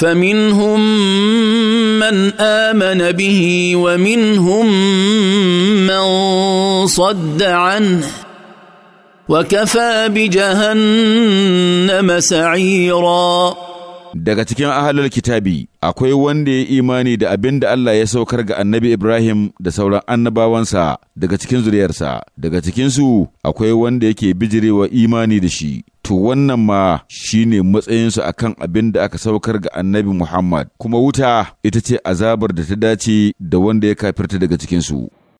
فمنهم من امن به ومنهم من صد عنه وكفى بجهنم سعيرا daga cikin ahalar kitabi akwai wanda ya imani da abin da Allah ya saukar ga annabi Ibrahim da sauran annabawansa daga cikin zuriyarsa daga cikinsu akwai wanda yake bijirewa imani da shi to wannan ma shine matsayinsu a kan abin da aka saukar ga annabi Muhammad kuma wuta ita ce azabar da ta dace da wanda ya kafirta daga cikinsu.